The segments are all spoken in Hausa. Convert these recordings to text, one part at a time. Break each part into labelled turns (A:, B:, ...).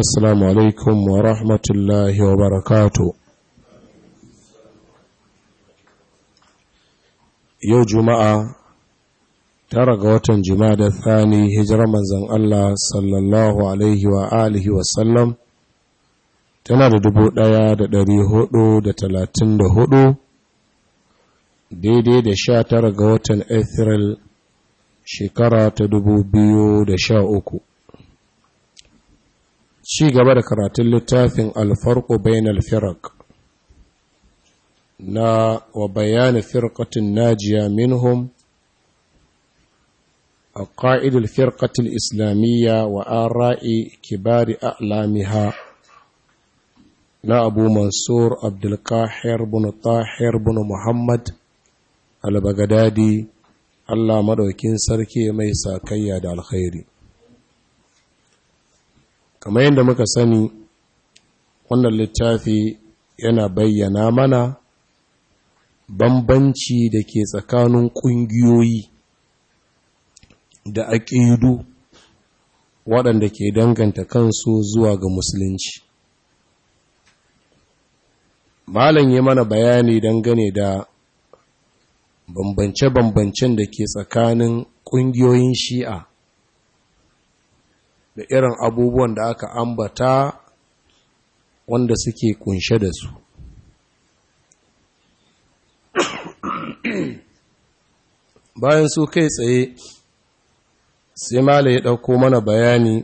A: assalamu alaikum wa rahmatullahi wa barakatu yau juma'a tara ga watan juma'a da thani hijirar manzan Allah sallallahu alaihi wa tana da dubu ɗaya da dari hudu da talatin da hudu daidai da sha tara ga watan Afril shekara ta dubu biyu da sha uku ci gaba da karatun littafin alfarko bayan alfirak na wa bayani firkatin najiya minhum a ƙa'idul firkatin islamiyya wa an ra'i kibari a'lamiha na abu mansur abdulkahir bin tahir bin muhammad al-bagadadi allah maɗaukin sarki mai sakayya da alkhairi kamar yadda muka sani wannan littafi yana bayyana mana bambanci da ke tsakanin ƙungiyoyi da aƙidu waɗanda ke danganta kansu zuwa ga musulunci malam yi mana bayani dangane da bambance-bambancen da ke tsakanin ƙungiyoyin shi'a da irin abubuwan da aka ambata wanda suke kunshe da su bayan su kai tsaye sai mala ya ɗauko mana bayani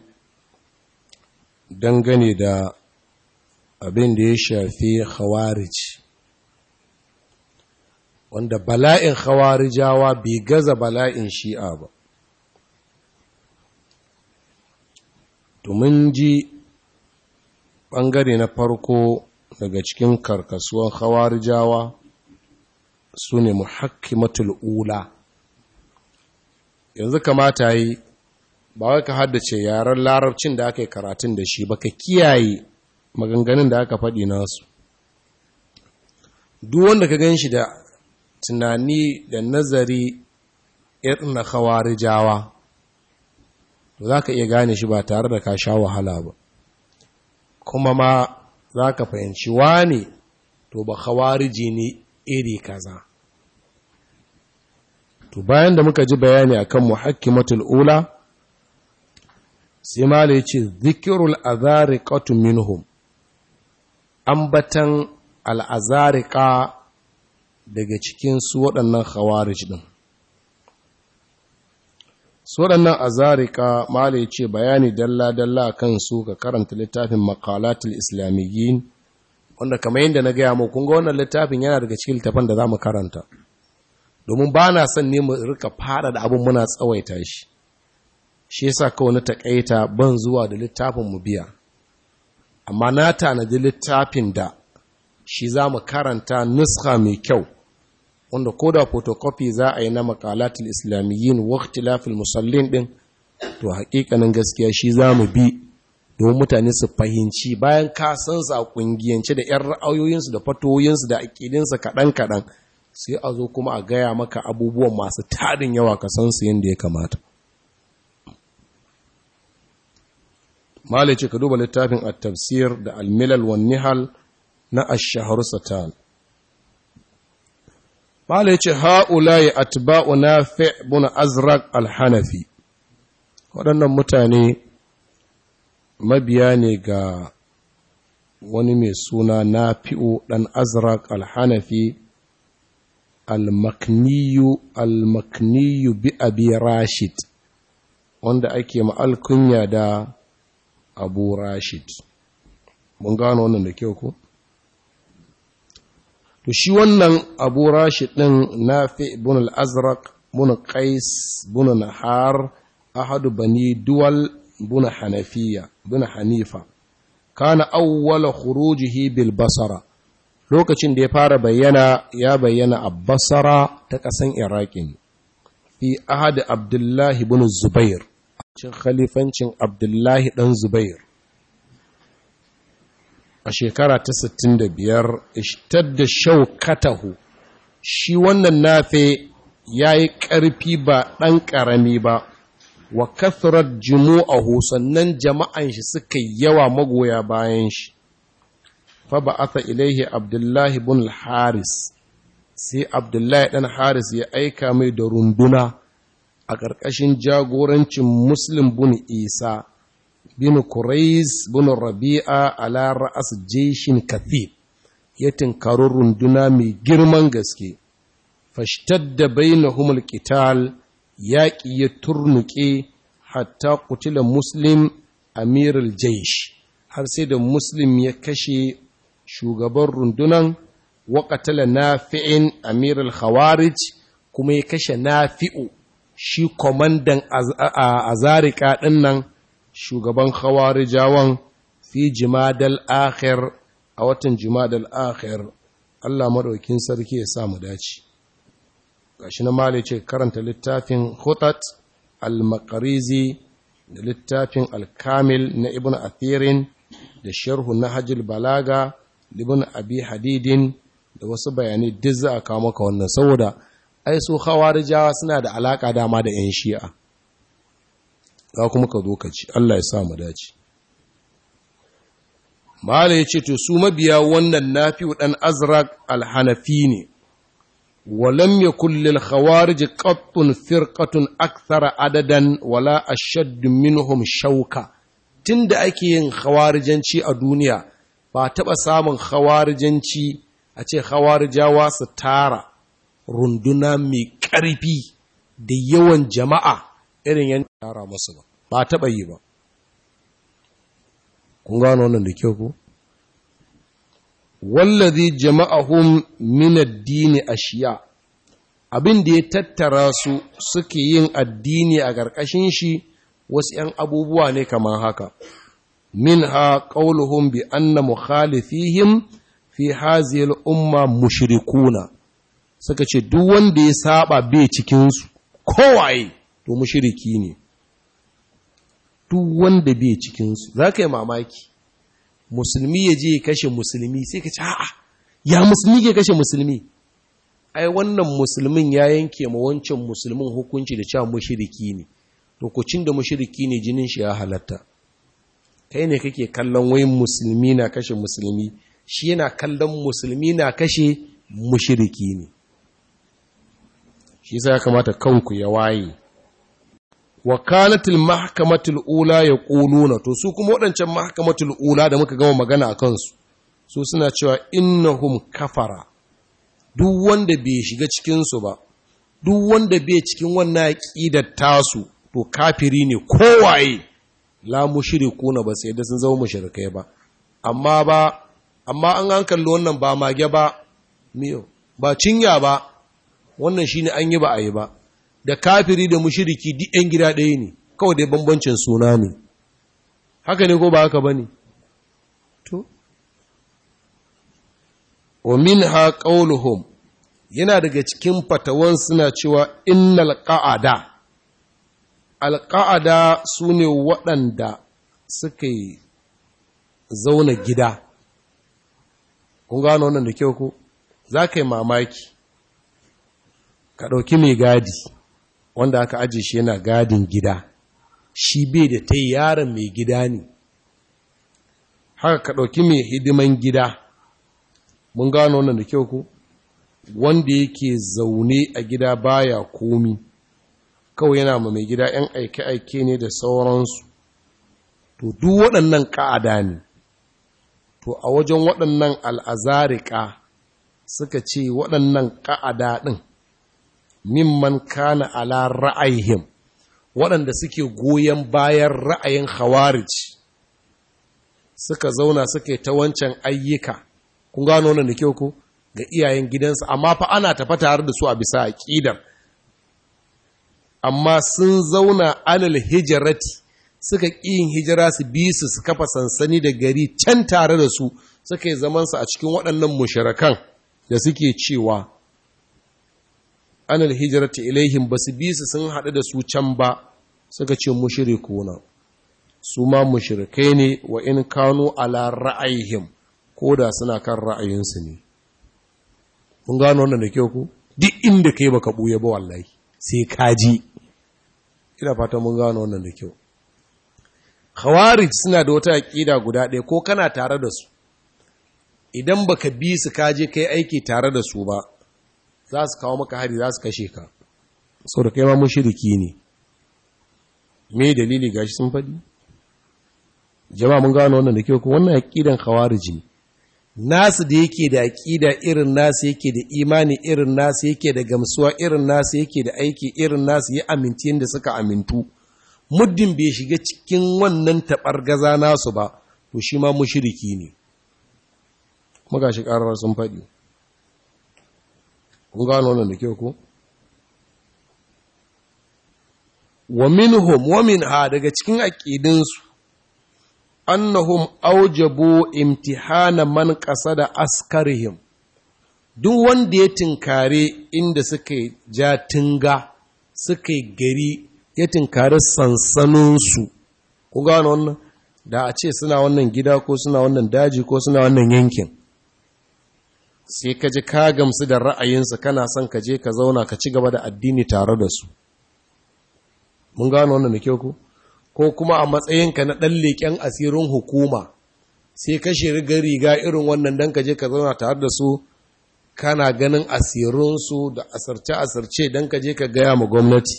A: dangane da abin da ya shafi khawarij wanda bala'in khawarijawa bai gaza bala'in shi'a ba to mun ji ɓangare na farko daga cikin karkasuwan hawarijawa su ne muhakkimatul ula yanzu kamata yi ba wai ka haddace yaren larabcin da aka yi karatun da shi ba ka kiyaye maganganun da aka faɗi nasu duk wanda ka gan shi da tunani da nazari irin na hawarijawa za ka iya gane shi ba tare da ka sha wahala ba kuma ma za ka fahimci wane to ba khawariji ne iri kaza to bayan da muka ji bayani akan muhakkimatul ula sai mala yace zikrul azariqatu minhum ambatan al daga cikinsu su waɗannan khawarij ɗin su waɗannan a zarika malai ce bayani dalla-dalla kan su ga karanta littafin makalatul islamiyyin wanda kamar yadda na gaya mu Kunga wannan littafin yana daga cikin littafin da za mu karanta domin ba na son ne mu rika fara da abin muna tsawaita shi shi yasa kawai na taƙaita ban zuwa da littafin mu biya amma na tanadi littafin da shi za mu karanta nuska mai kyau wanda ko da photocopy za a yi na makalatul islamiyyin wa ikhtilafil musallin din to haƙiƙanin gaskiya shi za mu bi don mutane su fahimci bayan ka san su a kungiyance da yan ra'ayoyinsu da fatoyinsu da aƙidinsu kaɗan-kaɗan sai a zo kuma a gaya maka abubuwan masu tarin yawa ka san su yadda ya kamata malice ka duba littafin at-tafsir da al-milal wan na ash-shahr Mala ya ce, Ha'ula ya atba'u nafi' fi'bun azraq alhanafi, waɗannan mutane mabiya ne ga wani mai suna na fi'o ɗan azraq alhanafi almakniyu almakniyu bi abi rashid, wanda ake ma'alkunya da abu rashid. Mun gano wannan da kyau ko? to shi wannan abu Rashi din nafi fi al-azraq ibn qais ibn nahar ahadu bani duwal ibn hanafiya hanifa kana awwala khurujihi bil basara lokacin da ya fara bayyana ya bayyana a basara ta kasan iraqin fi ahad abdullahi ibn zubair cin khalifancin abdullahi dan zubair a shekara ta 65 ishtadda shaukatahu shi wannan nafe ya yi ƙarfi ba ɗan ƙarami ba wa kathurar jimu'ahu sannan jama'an shi suka yawa magoya bayan shi fa ba'atha ilaihi abdullahi bin haris sai abdullahi ɗan haris ya aika mai da runduna a ƙarƙashin jagorancin muslim bin isa Binu Kurais bin Rabi'a ala ra'as jeshin kathib ya tinkaro runduna mai girman gaske da fashtadda bainahum alqital yaƙi ya turnuƙe hatta kutila muslim amiral jaish har sai da muslim ya kashe shugaban rundunan waƙatala nafi'in amiral Hawarij kuma ya kashe nafi'u shi kwamandan azarika ɗinnan shugaban khawarijawan fi jimadal akhir a watan jimadal akhir Allah madaukin sarki ya sa mu dace gashi na mali ce karanta littafin khutat al-maqrizi da littafin al-kamil na ibn athirin da sharhu na Hajil balaga Ibn abi hadidin da wasu bayanai duk za ka kawo maka wannan saboda ai su hawarijawa suna da alaka dama da 'yan shi'a za kuma ka zo ka ci Allah ya sa mu dace Mala ya ce, To, su mabiya wannan nafi ɗan azraq alhanafi ne, walam ya kullil khawarij qattun firqatun akthara adadan wala ashaddu minhum shauka tunda ake yin khawarijanci a duniya ba taɓa samun khawarijanci a ce khawarijawa su tara runduna mai ƙarfi da yawan jama'a irin yan gyara masu ba ba taɓa yi ba kun gano wannan da kyau ko wallazi jama'ahum min ad a ashiya abin da ya tattara su suke yin addini a ƙarƙashin shi wasu ‘yan abubuwa ne kamar haka, min ha ƙauluhun bi anna mukhalifihim fi haziyar umma mushrikuna suka ce duk wanda ya saba bai cikinsu kowaye to mushiriki ne, duk wanda bai cikinsu za ka yi mamaki musulmi ya je kashe musulmi sai ka ce a'a ya musulmi ke kashe musulmi ai wannan musulmin ya yanke ma wancan musulmin hukunci da cewa mushiriki ne lokacin da mushiriki ne jinin shi ya halatta kai ne kake kallon wai musulmi na kashe musulmi shi yana kallon musulmi na kashe Mushiriki ne shi yasa ya kamata kanku ya waye wakalatul mahkamatul ula ya ƙuluna to su kuma waɗancan mahkamatul ula da muka gama magana a kansu su suna cewa innahum kafara duk wanda bai shiga cikinsu ba duk wanda bai cikin wannan aƙidar tasu to kafiri ne kowaye la na ba sai da sun zama mushrikai ba amma ba amma an an kalli wannan ba mage ba miyo ba cinya ba wannan shine an yi ba a yi ba da kafiri da mushiriki duk yan gida ɗaya ne kawai dai bambancin suna ne haka ne ko ba haka ba ne to wa min ha ƙauluhum yana daga cikin fatawan suna cewa innal alƙa'ada. alƙa'ada su ne waɗanda suka yi zauna gida kun gano wannan da kyau ko za ka yi mamaki ka ɗauki mai gadi wanda aka aji shi yana gadin gida shi bai da ta yaron mai gida ne haka ka ɗauki mai hidiman gida mun gano wannan da kyau ku wanda yake zaune a gida baya komi kawai yana ma mai gida 'yan aike-aike ne da sauransu to duk waɗannan ƙa'ada ne to a wajen waɗannan al'azarika suka ce waɗannan ƙa'ada ɗin mimman kana ala ra'ayhim waɗanda suke goyon bayan ra'ayin khawarij suka zauna suke ta wancan ayyuka kun gano wannan da kyau ko ga iyayen gidansa amma fa ana tafa tare da su a bisa aqidar amma sun zauna alal hijrati suka ƙin hijira su bi su su kafa sansani da gari can tare da su suka yi zamansa a cikin waɗannan musharakan da suke cewa anil hijrati ilaihim basu su bisa sun haɗu da su can ba suka ce kuna su ma mushrikai ne wa in kanu ala ra'ayihim ko da suna kan ra'ayinsu ne mun gano wannan da kyau ku duk inda kai baka ɓuya ba wallahi sai kaji ina fata mun gano wannan da kyau khawarij suna da wata aqida guda ɗaya ko kana tare da su idan baka bi su kaje kai aiki tare da su ba za su kawo maka hari za su kashe ka sau da kai ma shiriki ne me dalili gashi sun faɗi jama'a mun gano wannan da kyau ko wannan aqidan khawariji nasu da yake da aƙida irin nasu yake da imani irin nasu yake da gamsuwa irin nasu yake da aiki irin nasu ya aminci yadda suka amintu muddin bai shiga cikin wannan gaza nasu ba to shi ma mushriki ne muka shi ƙarar sun faɗi kun gano wannan da kyau ko wa minhum wa minha daga cikin aqidinsu annahum aujabu imtihana man qasada askarihim duk wanda ya tinkare inda suka ja tinga suka gari ya tinkari sansaninsu ku gano wannan da a ce suna wannan gida ko suna wannan daji ko suna wannan yankin sai ka ji ka gamsu da ra'ayinsa kana son ka je ka zauna ka ci gaba da addini tare da su mun gano wannan da kyau ko ko kuma a matsayinka na ɗan leƙen asirin hukuma sai ka shiri riga irin wannan don ka je ka zauna tare da su kana ganin asirinsu da asarce-asarce don ka je ka gaya ma gwamnati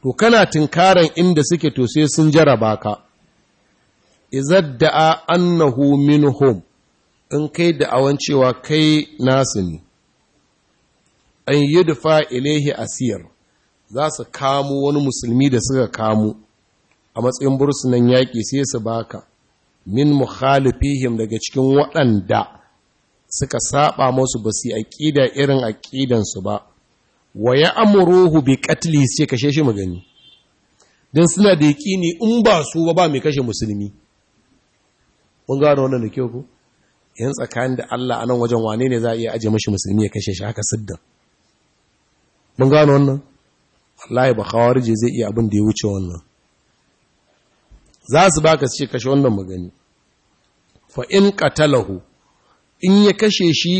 A: to kana tunkaran inda suke to sai sun jaraba ka izadda'a annahu minhum in kai da awan cewa kai nasu ne an yi dufa ilaihi asiyar za su kamo wani musulmi da suka kamo a matsayin bursunan yaƙi sai su baka min mukhalifihim daga cikin waɗanda suka saba musu ba su aƙida irin aƙidansu ba wa ya amuruhu bi qatli sai kashe shi magani don suna da yaƙini in ba su ba ba mai kashe musulmi mun gano wannan da kyau ku yan tsakanin da Allah a nan wajen wane ne za a iya aje mashi musulmi ya kashe shi haka siddan mun gano wannan wallahi ba khawarije zai iya abin da ya wuce wannan za su baka ka ce kashe wannan magani fa in qatalahu in ya kashe shi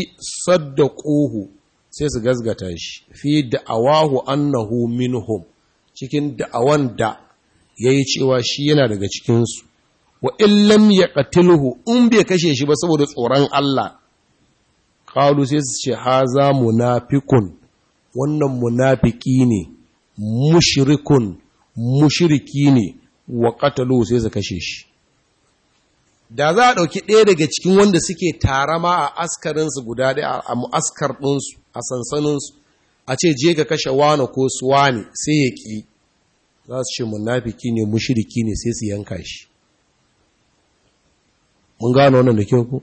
A: saddaquhu sai su gazgata shi fi da'awahu annahu minhum cikin da'awan da yayi cewa shi yana daga cikinsu. wa illam ya in bai kashe shi ba saboda tsoron Allah ƙalu sai su ce haza munafikun wannan munafiki ne mushrikun mushriki ne wa ƙataluhu sai su kashe shi da za a ɗauki ɗaya daga cikin wanda suke tarama a askarinsu guda ɗaya a mu'askar ɗinsu a sansaninsu a ce je ka kashe wane ko suwane sai ya ƙi za su ce munafiki ne mushriki ne sai su yanka shi mun gano wannan da kyau ko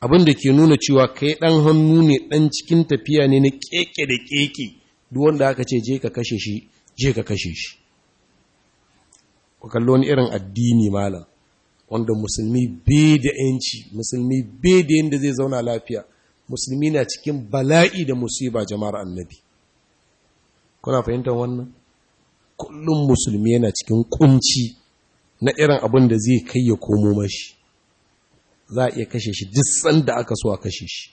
A: abin da ke nuna cewa kai ɗan hannu ne ɗan cikin tafiya ne na keke da keke duk wanda aka ce je ka kashe shi je ka kashe shi ku wani irin addini malam wanda musulmi bai da yanci musulmi bai da yanda zai zauna lafiya musulmi na cikin bala'i da musiba jama'ar annabi kuna fahimtar wannan kullum musulmi yana cikin kunci na irin abin da zai kai ya komo mashi za a iya kashe shi duk sanda aka so a kashe shi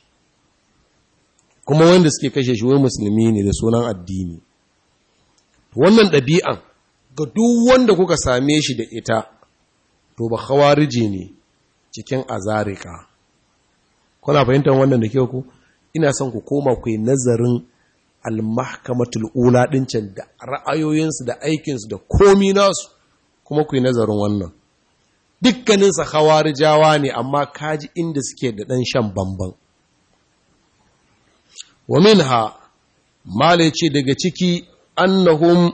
A: kuma wanda suke kashe shi wai musulmi ne da sunan addini wannan ɗabi'an ga duk wanda kuka same shi da ita to ba khawarije ne cikin azarika kuna fahimtar wannan da kyau ku ina son ku koma ku yi nazarin almahkamatul ula din can da ra'ayoyinsu da aikinsu da komi nasu kuma ku yi nazarin wannan dukkaninsa hawarijawa ne amma kaji inda suke da ɗan shan bambam. wa ha, male ce daga ciki annahum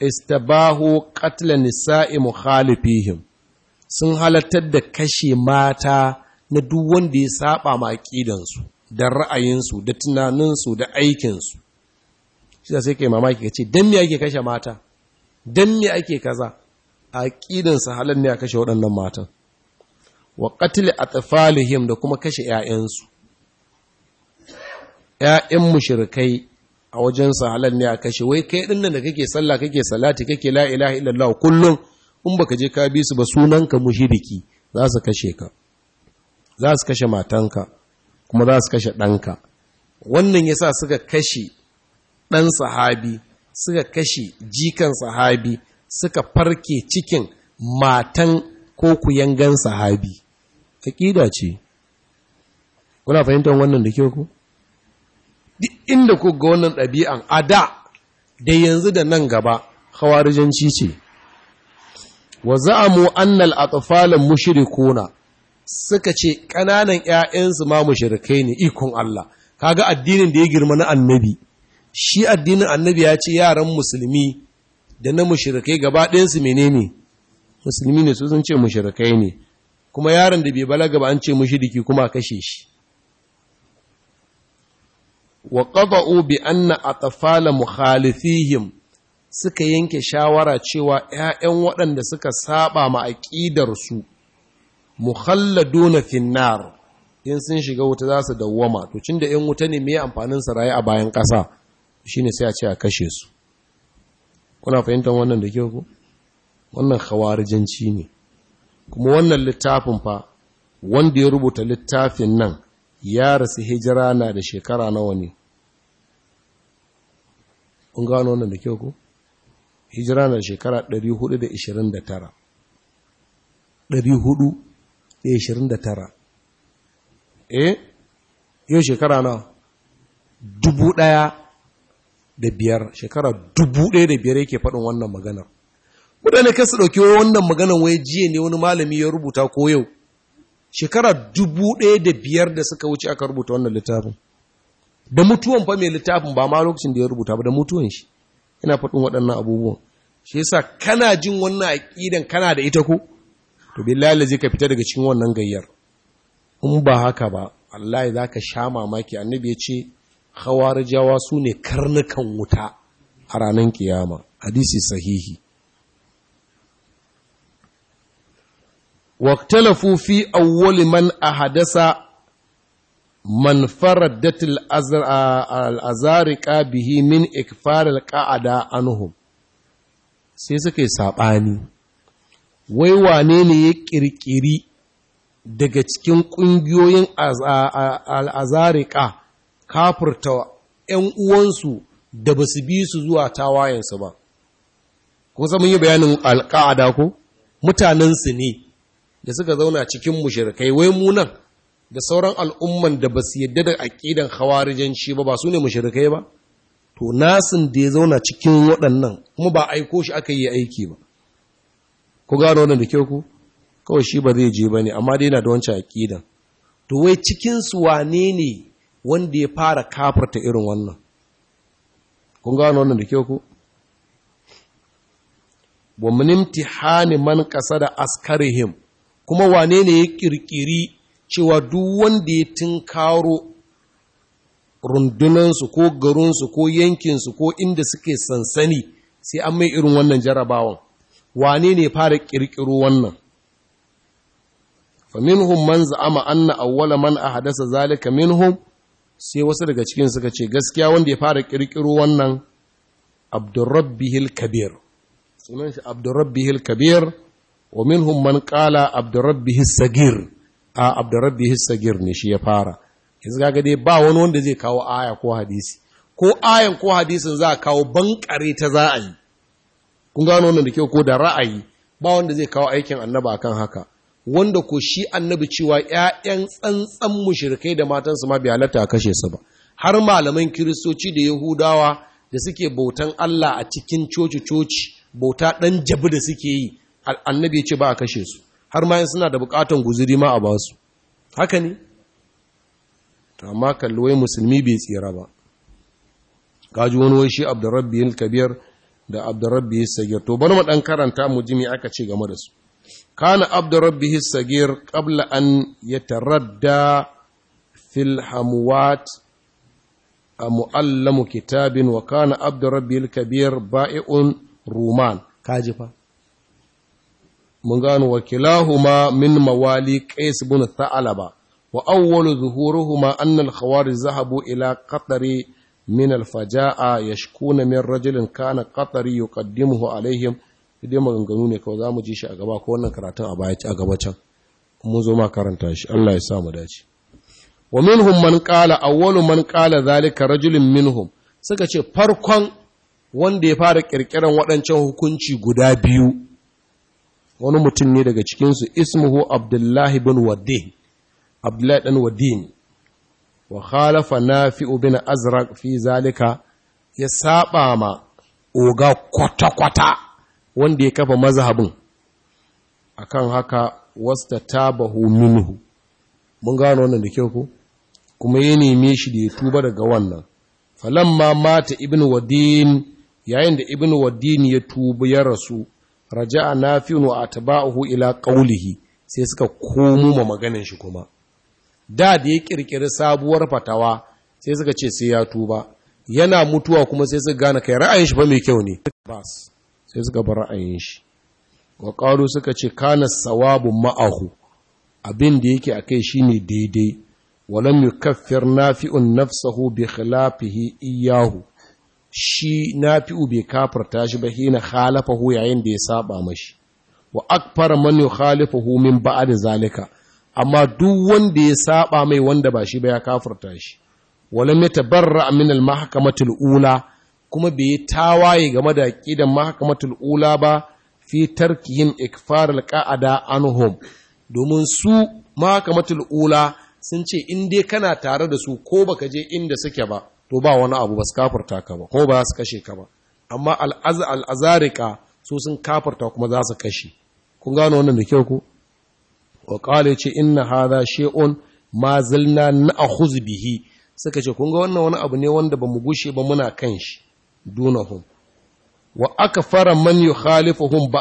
A: istabahu qatl nisa'i mukhalifihim sun halartar da kashe mata na duk wanda ya saba ma su da ra'ayinsu da tunaninsu da aikinsu shi sai kai mamaki kace dan me ake kashe mata dan me ake kaza ƙidinsa halan ne a kashe waɗannan matan wa a atfalihim da kuma kashe 'ya'yansu. ‘ya'yan mushirikai a wajen sahalar ne a kashe, wai kai ɗin nan da kake sallah kake salati kake la ilaha illallah kullum in baka je ka bi su ba sunanka mushiriki za su kashe ka, za su kashe matanka kuma za su kashe ɗanka. Wannan ya sa suka kashe ɗan sahabi, suka kashe jikan sahabi, suka farke cikin matan ko kuyangan sahabi aƙida ce kuna fahimtar wannan da kyau ku duk inda ku ga wannan ɗabi'an a da da yanzu da nan gaba hawarijanci ce wa za'amu annal atfalan mushrikuna suka ce ƙananan ‘ya'yansu ma mushrikai ne ikon Allah kaga addinin da ya girma na annabi shi addinin annabi ya ce yaran musulmi da na mushirikai gaba ɗayansu menene musulmi ne su sun ce mushirikai ne kuma yaron da bai balaga ba an ce mushriki kuma kashe shi wa qada'u bi anna atfala mukhalifihim suka yanke shawara cewa ‘ya'yan waɗanda suka saba ma aƙidarsu, mukhalladuna finnar, in sun shiga wuta za su dawwama, to cin da ‘yan wuta ne mai amfanin sarayi a bayan ƙasa, shi ne sai a ce a kashe su. kuna fahimtar wannan da kyau ku wannan khawarijanci ne kuma wannan littafin fa wanda ya rubuta littafin nan ya rasu hijira na da shekara nawa ne kun gano wannan da kyau ku hijira na shekara 429 429 eh yau shekara na dubu ɗaya da biyar shekara dubu ɗaya da biyar yake faɗin wannan maganar mutane kai su ɗauki wannan maganar wai jiya ne wani malami ya rubuta ko yau shekara dubu ɗaya da biyar da suka wuce aka rubuta wannan littafin da mutuwan fa mai littafin ba ma lokacin da ya rubuta ba da mutuwan shi ina faɗin waɗannan abubuwan shi yasa kana jin wannan aƙidan kana da ita ko to billahi zai ka fita daga cikin wannan gayyar in ba haka ba wallahi zaka sha mamaki annabi ya ce khawarijawa su ne karnukan wuta a ranar kiyama hadisi sahihi waktalafu fi awwali man ahadasa man farar datil azariqa bihi min ikfarar ka'ada qaada sai suka yi sabani wai wane ne ya ƙirƙiri daga cikin kungiyoyin al-azariqa kafurta ‘yan uwansu da ba su bi su zuwa tawayensu ba. Kusa mun yi bayanin alƙa'ada ko? Mutanensu ne da suka zauna cikin mushirikai wai munan da sauran al'umman da ba su yadda da aƙidan hawarijanci ba ba su ne mushirikai ba? To, nasin da ya zauna cikin waɗannan kuma ba aiko shi aka yi aiki ba. Ku gano wannan da kyau ku? Kawai shi ba zai je ba ne, amma dai na da wancan aƙidan. To, wai cikinsu wane ne wanda ya fara kafarta irin wannan kun gano wannan da ke ku wa minimti man ƙasa da askarihim kuma wane ne ya ƙirƙiri cewa duk wanda ya tinkaro rundunansu ko garinsu ko yankinsu ko inda suke sansani sai an mai irin wannan jarabawan wane ne fara ƙirƙiro wannan faminhum man za'ama anna awwala man ahdasa zalika minhum sai wasu daga cikin suka ce gaskiya wanda ya fara kirkiro wannan abdurrabbihil kabir sunan shi abdurrabbihil kabir wa minhum man qala abdurrabbihis sagir a abdurrabbihis sagir ne shi ya fara yanzu kaga dai ba wani wanda zai kawo aya ko hadisi ko ayan ko hadisin za a kawo bankare ta za a yi kun gano wannan da kyau ko da ra'ayi ba wanda zai kawo aikin annaba akan haka wanda ko shi annabi cewa ‘ya'yan tsantsan mushirkai da matansu ma bi halatta a kashe su ba, har malaman kiristoci da Yahudawa da suke bautan Allah a cikin coci-coci, bauta ɗan jabi da suke yi, annabi ce ba a kashe su, har ma suna da buƙatan guziri ma a basu. Haka ne? Amma kalluwai musulmi bai tsira ba. Gaji wani wai shi Abdurrabbi Kabir da Abdurrabbi Sagir, to bari mu ɗan karanta mu jimi aka ce game da su. kana abdu rabbihi sagir qabla an yataradda fil a mu'allamu kitabin wa kana abdu rabbil kabir ba'i'un ruman kaji fa mun gano wa kilahuma min mawali qais ibn tha'laba wa awwalu zuhuruhuma anna al zahabu ila qatari min al faja'a yashkuna min rajulin kana qatari yuqaddimuhu alaihim dai maganganu ne kawai za mu ji shi a gaba ko wannan karatun a baya a gaba can mun zo ma karanta shi Allah ya sa mu dace wa minhum man qala awwalu man qala zalika rajulun minhum suka ce farkon wanda ya fara kirkiran waɗancan hukunci guda biyu wani mutum ne daga cikin su ismuhu abdullah ibn wadih abdullah dan wadin wa khalafa nafi'u bin azraq fi zalika ya saba ma oga kwata kwata wanda ya kafa mazhabin kan haka wasta tabahu minhu mun gano wannan da kyau ko kuma ya neme shi da ya tuba daga wannan falamma mata ibn wadin yayin da ibn wadin ya tuba ya rasu raja'a nafi'un wa atba'uhu ila qawlihi sai suka komo ma maganin shi kuma da da ya kirkiri sabuwar fatawa sai suka ce sai ya tuba yana mutuwa kuma sai suka gane kai ra'ayin shi fa mai kyau ne bas sai suka bar ra'ayin shi wa qalu suka ce kana sawabu ma'ahu abin da yake akai shine daidai walam yukaffir nafi'un nafsahu bi khilafihi iyyahu shi nafi'u bai kafirta shi ba hina khalafahu yayin da ya saba mashi wa akfar man yukhalifuhu min ba'd zalika amma duk wanda ya saba mai wanda ba shi ba ya kafirta shi walam yatabarra min al-mahkamati al-ula kuma bai yi tawaye game da kidan mahkamatul ula ba fi tarkihin ikfar alqa'ada anhum domin su mahkamatul ula sun ce in dai kana tare da su ko baka je inda suke ba to ba wani abu ba su kafarta ka ba ko ba su kashe ka ba amma al'azarika su sun kafarta kuma za su kashe kun gano wannan da kyau ku wa qala ce inna hadha shay'un ma zalna na'khuz bihi suka ce kun ga wannan wani abu ne wanda bamu gushe ba muna kan shi dunahum wa aka fara man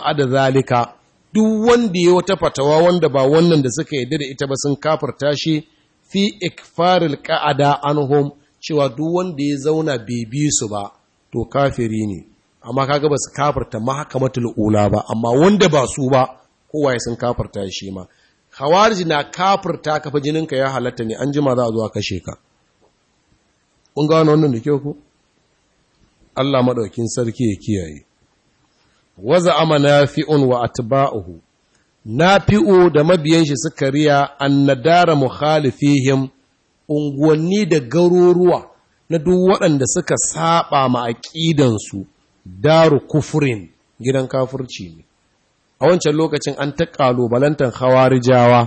A: a da zalika duk wanda ya wata fatawa wanda ba wannan da suka yarda da ita ba sun kafirta shi fi ikfaril ka'ada anhum cewa duk wanda ya zauna bebi bi su ba to kafiri ne amma kaga ba su kafirta mahkamatul ula ba amma wanda ba su ba kowa ya sun kafirta shi ma hawarji na kafirta kafa jininka ya halatta ne an jima za a zo a kashe ka kun ga wannan da kyau ko Allah maɗaukin sarki ya kiyaye. Waza ama nafi'un wa atba'uhu nafi'u da mabiyan shi suka riya an nadara mukhalifihim unguwanni da garuruwa na duk waɗanda suka saba ma su daru kufurin. gidan kafirci ne a wancan lokacin an ta kalubalantar hawarijawa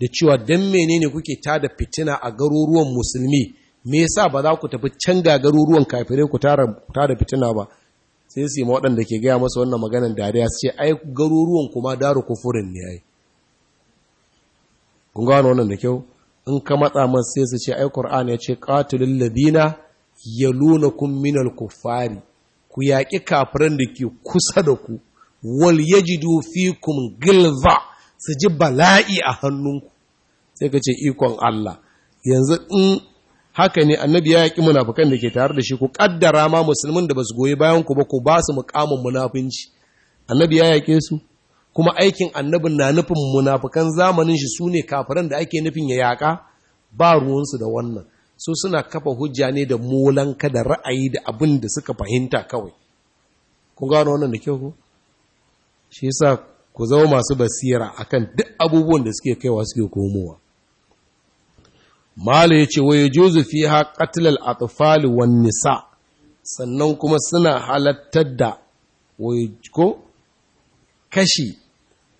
A: da cewa dan menene kuke tada fitina a garuruwan musulmi me yasa ba za ku tafi can garuruwan kafirai ku tara tara fitina ba sai su yi waɗanda ke gaya masa wannan maganar dariya su ce ai garuruwan kuma daru kufurin ne ai kun gano wannan da kyau in ka matsa masu sai su ce ai qur'ani ya ce qatilul ladina yalunakum minal kuffari ku yaƙi kafiran da ke kusa da ku wal yajidu fikum gilva su ji bala'i a hannunku sai ka ce ikon Allah yanzu in haka ne annabi ya yaƙi munafukan da ke tare da shi ku kaddara ma musulmin da ba su goyi bayan ku ba ku ba su mukamin munafunci annabi ya yaƙe su kuma aikin annabin na nufin munafukan zamanin shi su ne kafiran da ake nufin ya yaƙa ba ruwansu da wannan su suna kafa hujja ne da molanka da ra'ayi da abin da suka fahimta kawai kun gano wannan da kyau ku shi yasa ku zama masu basira akan duk abubuwan da suke kaiwa suke komowa Mala ya ce, Waye ya juzu fi ha a wani nisa, sannan kuma suna halattar da ko kashi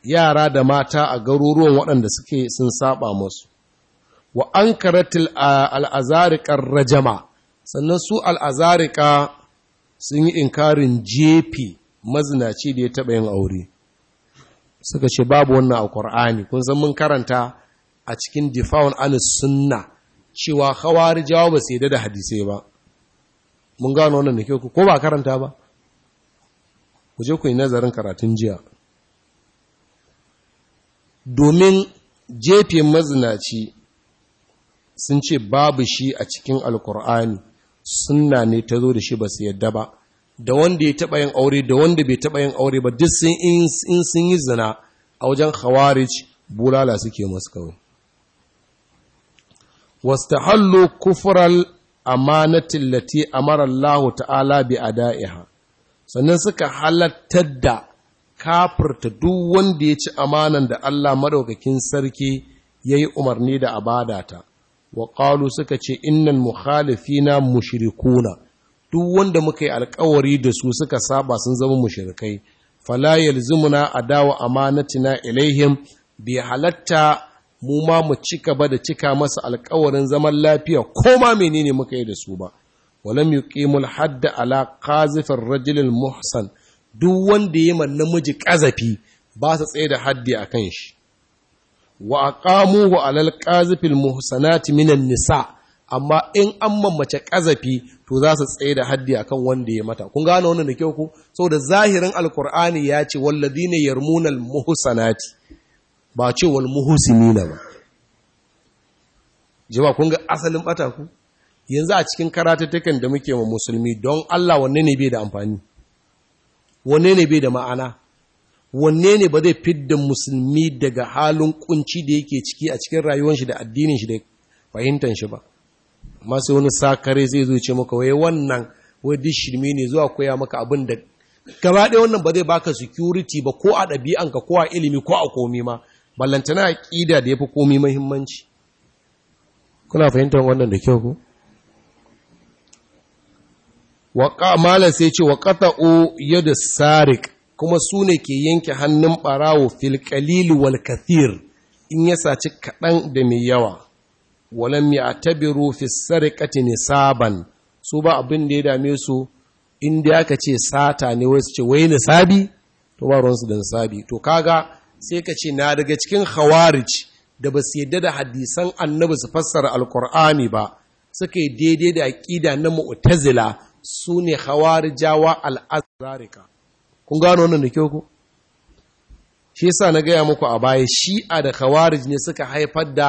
A: yara da mata a garuruwan waɗanda suke sun saba masu. Wa an karatil al'azarikar rajama, sannan su al'azarika sun yi inkarin jefi mazinaci da ya taɓa yin aure. Suka ce, babu wannan a Ƙur'ani, kun san mun karanta a cikin difa'un an sunna cewa jawo ba su da hadisai ba mun gano wannan da kyau ko ba karanta ba ku je ku yi nazarin karatun jiya domin jefe mazinaci sun ce babu shi a cikin alkur'ani sunna ne ta zo da shi ba su yadda ba da wanda ya taɓa yin aure da wanda bai taba yin aure ba duk sun in sun yi zina a wajen khawarij bulala suke masu kawai wastahallu kufral amanatin lati amara Allah ta'ala bi ada'iha sannan suka halartar da kafirta duk wanda ya ci amanar da Allah madaukakin sarki yayi umarni da abadata ta, qalu suka ce innal mukhalifina mushrikuna duk wanda muka yi alkawari da su suka saba sun zama mu mushrikai fala yalzumuna adawa amanatina ilaihim bai halarta. mu ma mu ci ba da cika masa alkawarin zaman lafiya ko ma menene muka yi da su ba walam yuqimul hadda ala qazifir rajulil muhsan duk wanda ya man namiji kazafi ba su tsaye da haddi akan shi wa aqamu wa alal qazifil muhsanati minan nisa amma in an mamace kazafi to za su tsaye da haddi akan wanda ya mata kun gane wannan da kyau ku saboda zahirin alkur'ani ya ce walladine yarmunal muhsanati ba ce wal ba Jiwa kun ga asalin bata yanzu a cikin karatattakan da muke ma musulmi don Allah wanne ne bai da amfani wanne ne bai da ma'ana wanne ne ba zai fidda musulmi daga halin kunci da yake ciki a cikin rayuwar shi da addinin shi da fahimtar shi ba amma sai wani sakare zai zo ce maka waye wannan wai duk shirme ne zuwa koya maka abin da gaba ɗaya wannan ba zai baka security ba ko a ɗabi'anka ko a ilimi ko a komi ma ballantana ƙida da ya fi komi mahimmanci kuna fahimtar wannan da kyau ku? waqa mala sai ce waqata'u yadda sarik kuma su ne ke yanke hannun ɓarawo filƙalilu wal kathir in ya saci kaɗan da mai yawa walam ya'tabiru fi ne nisaban su ba abin da ya dame su inda aka ce sata ne wai ce wai nisabi to ba ruwansu da nisabi to kaga sai ka ce na daga cikin khawarij da ba su yadda da hadisan annabi su fassara alkur'ani ba suka yi daidai da aƙida na mu'tazila su ne khawarijawa al'azarika kun gano wannan da kyau ku shi yasa na gaya muku a baya shi'a da khawarij ne suka haifar da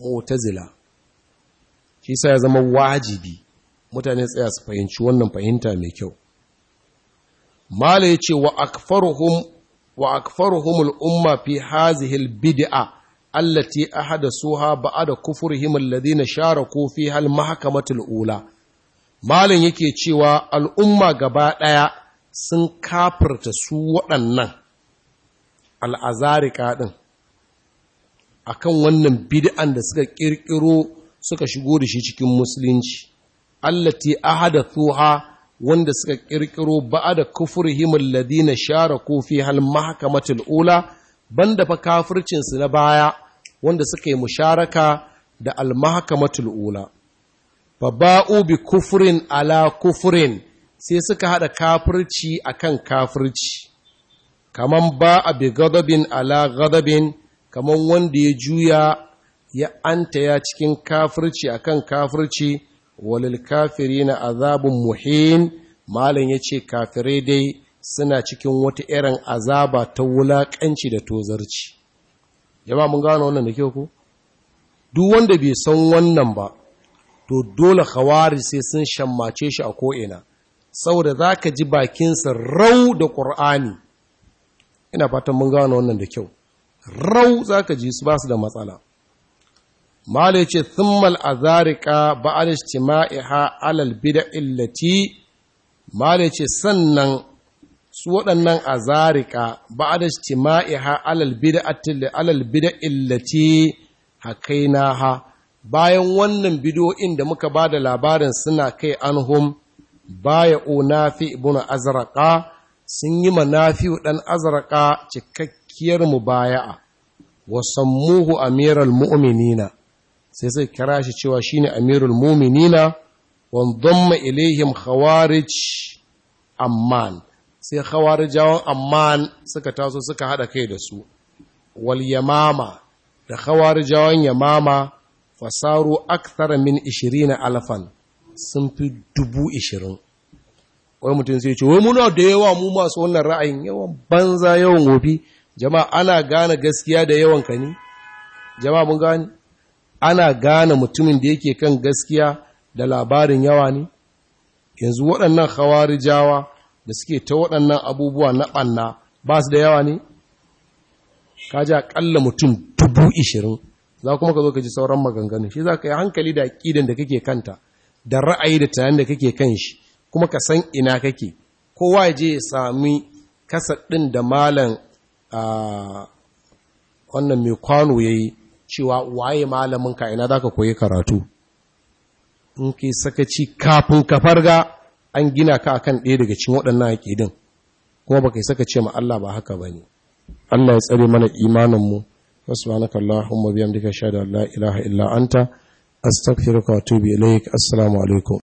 A: mu'tazila shi yasa ya zama wajibi mutane tsaya su fahimci wannan fahimta mai kyau mala yace wa akfaruhum wa akfaruhum umma fi hazihi al-bid'a allati ahadathuha ba'da kufrihim alladhina sharaku share kofi har al-ula malin yake cewa al'umma gaba daya sun kafarta su waɗannan al'azarika din akan wannan bid'an da suka ƙirƙiro suka shigo da shi cikin musulunci allati suha. wanda suka kirkiro ba'a da himar ladina share kofi hal mahkamatul ula da fa kafircinsu na baya wanda suka yi musharaka da al mahakamatul ula fa ba'u bi kufurin ala kufurin sai suka hada kafirci akan kafirci kaman ba a bi gadabin ala gadabin kaman wanda ya juya ya anta ya cikin kafirci akan kafirci walil na azabun muhin malam yace kafirai dai suna cikin wata irin azaba ta wulaƙanci da tozarci jama'a mun gano wannan da kyau ko duk wanda bai san wannan ba to dole khawari sai sun shammace shi a ko'ina saboda za ka ji bakinsa rau da ƙur'ani ina fatan mun gano wannan da kyau rau za ka ji su ba su da matsala Mala ce, Thummal azarika ba'al ijtima'iha alal bida'il lati, Mala ce, sannan su waɗannan azarika ba'al ijtima'iha alal bida'il na ha. bayan wannan bidoyin da muka ba da labarin suna kai an anhum baya fi ibuna azraka sun yi ma manafi ɗan azraka cikakkiyar mu baya mubaya'a muhu a amiral mu'minina sai sai kira shi cewa shine amirul mu'minina wandamma ilaihim khawarij amman sai khawarijawan amman suka taso suka hada kai da su wal yamama da khawarijawan yamama fasaru akthar min 20 alfan sun fi dubu ishirin wai mutum sai ce wai muna da yawa mu masu wannan ra'ayin yawan banza yawan gobi jama'a ana gane gaskiya da yawan ka ne jama'a mun gane ana gane mutumin da yake kan gaskiya da labarin yawa ne yanzu waɗannan hawarijawa da suke ta waɗannan abubuwa na ɓanna ba su da yawa ne ka ji aƙalla mutum dubu ishirin za kuma ka zo ka ji sauran maganganu shi za ka yi hankali da aƙidan da kake kanta da ra'ayi da tunanin da kake kan shi kuma ka san ina kake kowa ya je ya sami kasaɗin ɗin da malam ah, wannan mai kwano ya yi cewa waye malamin ka ina ka koyi karatu in ke sakaci kafin ka farga an gina ka akan ɗaya daga cikin waɗannan aƙidin kuma baka saka ce ma Allah ba haka ba ne. Allah ya tsare mana imanin mu subhanaka allahumma bihamdika shada la ilaha illa anta astaghfiruka wa atubu ilaik assalamu alaikum